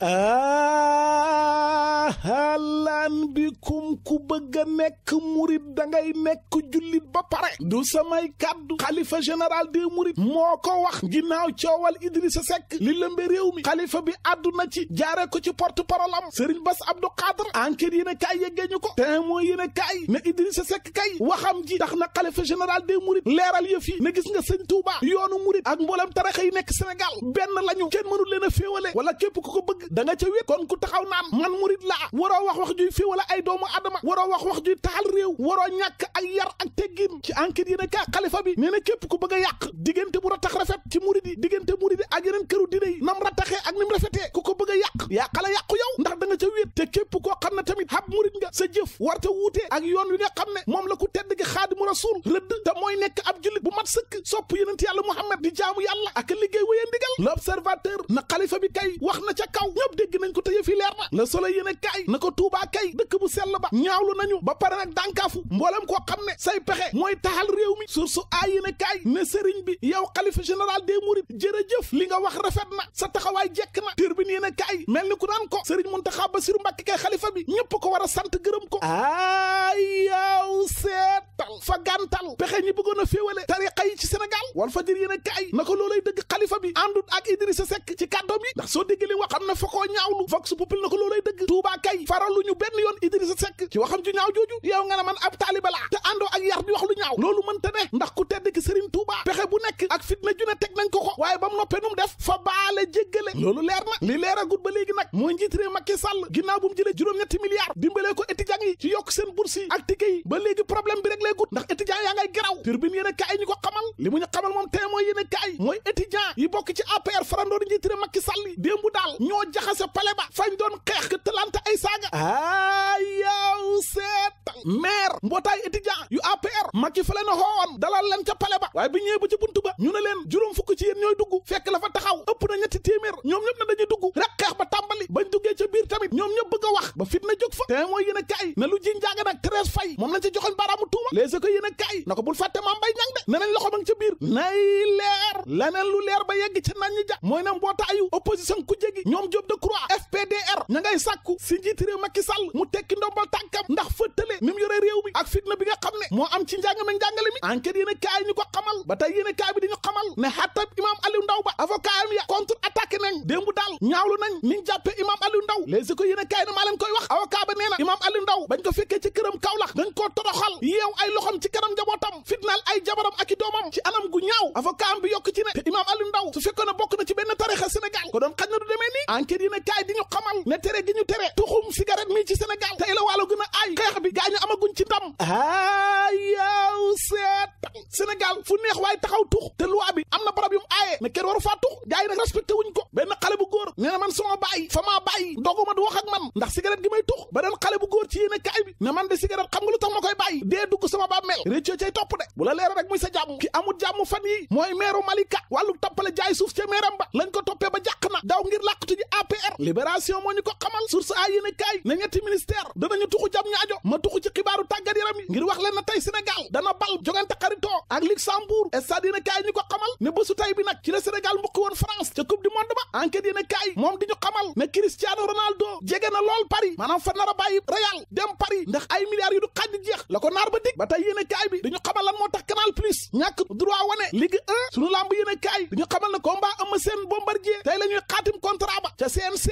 ahlan bikum ku bëgg nekk murit dangay nekk jullit ba du samay kaddu khalifa général de mourid moko wax ginnaaw ciowal Idrissa sek li lëmbe réew mi xalifa bi aduna ci jaare ko ci porte parole am Serigne Bass Abdou qadir enquête yéen a kaay yeggee ñu ko te mo yéen a kaay ne Idrissa sek kay waxam ji tax na xalifa général de mourid leral yëf yi ne gis nga serigne Touba yoonu mourid ak mbolam taraxa yi nek Sénégal ben lañu ken mënul leena féewale wala kep ku ko bëgg da nga ca wét kon ku taxaw naan man mourid la waro wax wax juy féewale ay doomu adama waro wax wax ju taal rew waro ñak ak yar ak teggin ci enquête yéen ka khalifa bi neena kep ku beug a yàq diggante bu ratax rafet ci mouride digeunte mouride ak yenen këru dine nam rataxé ak nim rafeté ku ko beug a ya yàqala yàqu yow ndax da nga ca wet te kep ko xamne tamit hab mouride nga sa jëf warta wuutee ak yoon wi nga xamne mom la ku tedd gi xaadimu rasuul rëdd te moy nek ab julit bu mat seuk sop yonent yàlla muhammad di jaamu yàlla ak liggey wayen digal l'observateur na khalifa bi kay wax na ca kaw de leer na le soleil yéen a kaay na ko tuubaa kay dëkk bu sell ba ñaawlu nañu ba pare nag dànkaafu mboolem ko xam ne say pexe mooy taxal réew mi sursu aay yéen a kaay ne sëriñ bi yow xalifa général des mourides jërëjëf li nga wax rafet na sa taxawaay jekk na turbine yéen a kaay mel ni ku naan ko sëriñ Muntaxa Basiru Mbàkke kay xalifa bi ñëpp ko war a sant gërëm ko ay yow seetal fa gàntal pexe ñi bëggoon a féewale tariqa yi ci wal fa yéen a kaay na ko loolay dëgg xalifa bi àndut ak Idrissa Seck ci kàddoom yi ndax soo déggee li wax xam na fa koo ñaawlu vox populi na ko loolay dëgg Touba faralu ñu benn yoon Idrissa Seck ci waxam ju ñaaw jooju yow nga ne man ab taaliba laa te àndoo ak yar di wax lu ñaaw loolu mënta ne ndax ku tedd ki Serigne Touba bu nekk ak fitna ju teg nañ ko ko waaye ba mu noppee nu def fa baale jéggale loolu leer na li leeragut ba léegi nag mooy njiit réew Macky Sall ginnaaw bu mu juróom-ñetti milliards dimbalee ko étudiants yi ci yokk seen bourse yi ak tike yi ba léegi problème bi rek leegut ndax étudiants yaa ngay garaw turbine yéen a kaay ñu ko xamal li xamal moom tey mooy yéen a kaay mooy étudiant yi bokk ci APR farandoor njiit réew Macky Sall daal ñoo jaxase pale ba APR Macky fa leen a xoowoon dalal leen ca pale ba waaye bi ñëwee ba ci buntu ba ñu ne leen juróom fukk ci yéen ñooy dugg fekk fa taxaw ëpp na ñetti téeméer ñoom ñëpp ne dañuy dugg rek xeex ba tàmbali bañ duggee ca biir tamit ñoom ñëpp bëgg a wax ba fit na jóg fa te mooy yéen a kaay lu ji njaaga nag Thérèse Faye moom lañ ci joxoñ baaraamu tuuma les eco yéen a na ko bul fàtte maam bay ñang de ne loxo ma ca biir nay leer laneen lu leer ba yegg ña ngay sàkku si njiit réew Macky Sall mu tekki ndombal tànkam ndax fëttale même yore réew mi ak fitna bi nga xam ne moo am ci njàng mi mi enquête yéen a kaay ñu ko xamal ba tey yéen di ñu xamal ne xattab imaam Aliou Ndao ba avocat am ya contre attaqué nañ démb daal ñaawlu nañ niñ jàppe imaam les ko yéen kay na malen koy wax avocat ba neena imam ali ndaw Ndao bañ ko fekke ci kërëm Kaolack dañ ko toroxal yew ay loxam ci kanam jabotam fitnal ay jabaram ak domam ci anam gu ñaaw avocat am bi yok ci ne imam ali ndaw su fekkoon bokku na ci ben tarixa Sénégal ko doon xañ na du deme ni enquête yéen kay diñu xamal ne tere diñu tere tuxum cigarette mi ci Sénégal tay la walu gëna ay xex bi gañu amaguñ ci ndam ay yow set Sénégal fu neex waaye taxaw tux te loi am na barab yu mu aaye mais kenn waru faa tux gars yi nag wuñ ko benn xale bu góor nee na man sama bàyyi fa maa bàyyi doguma du wax ak man ndax cigarette gi may tux beneen xale bu góor ci yéene kaay ne man de cigarette xam nga tax ma koy bàyyi dee dugg sama baa mel récco topp de bu la leera rek muy sa jàmm ki amul jàmm fan yi mooy meeru Malika wàllu tappale jaay suuf ca meeram ba lañ ko toppee ba jàq na daw ngir làqatu ji APR libération moo ñu ko xamal source a yéen a ne ñetti ministère danañu tuxu jam ñaajo ma tuxu ci xibaaru tàggat yaram yi ngir wax leen na tey dana bal jogante xaritoo ak Luxembourg stade yéen a ñu a kaay moom di ñu xamal ne Cristiano Ronaldo jege na lool ndax ay milliards yu du xaj di jeex la ko naar ba dig ba tey yéen a kaay bi dañu xamal lan moo tax canal plus ñàkk droit wane ligue 1 sunu lamb yéen a kaay dañu xamal ne combat Eumeu Sène Bombardier tey la ñuy xaatim contrat ba ca CNC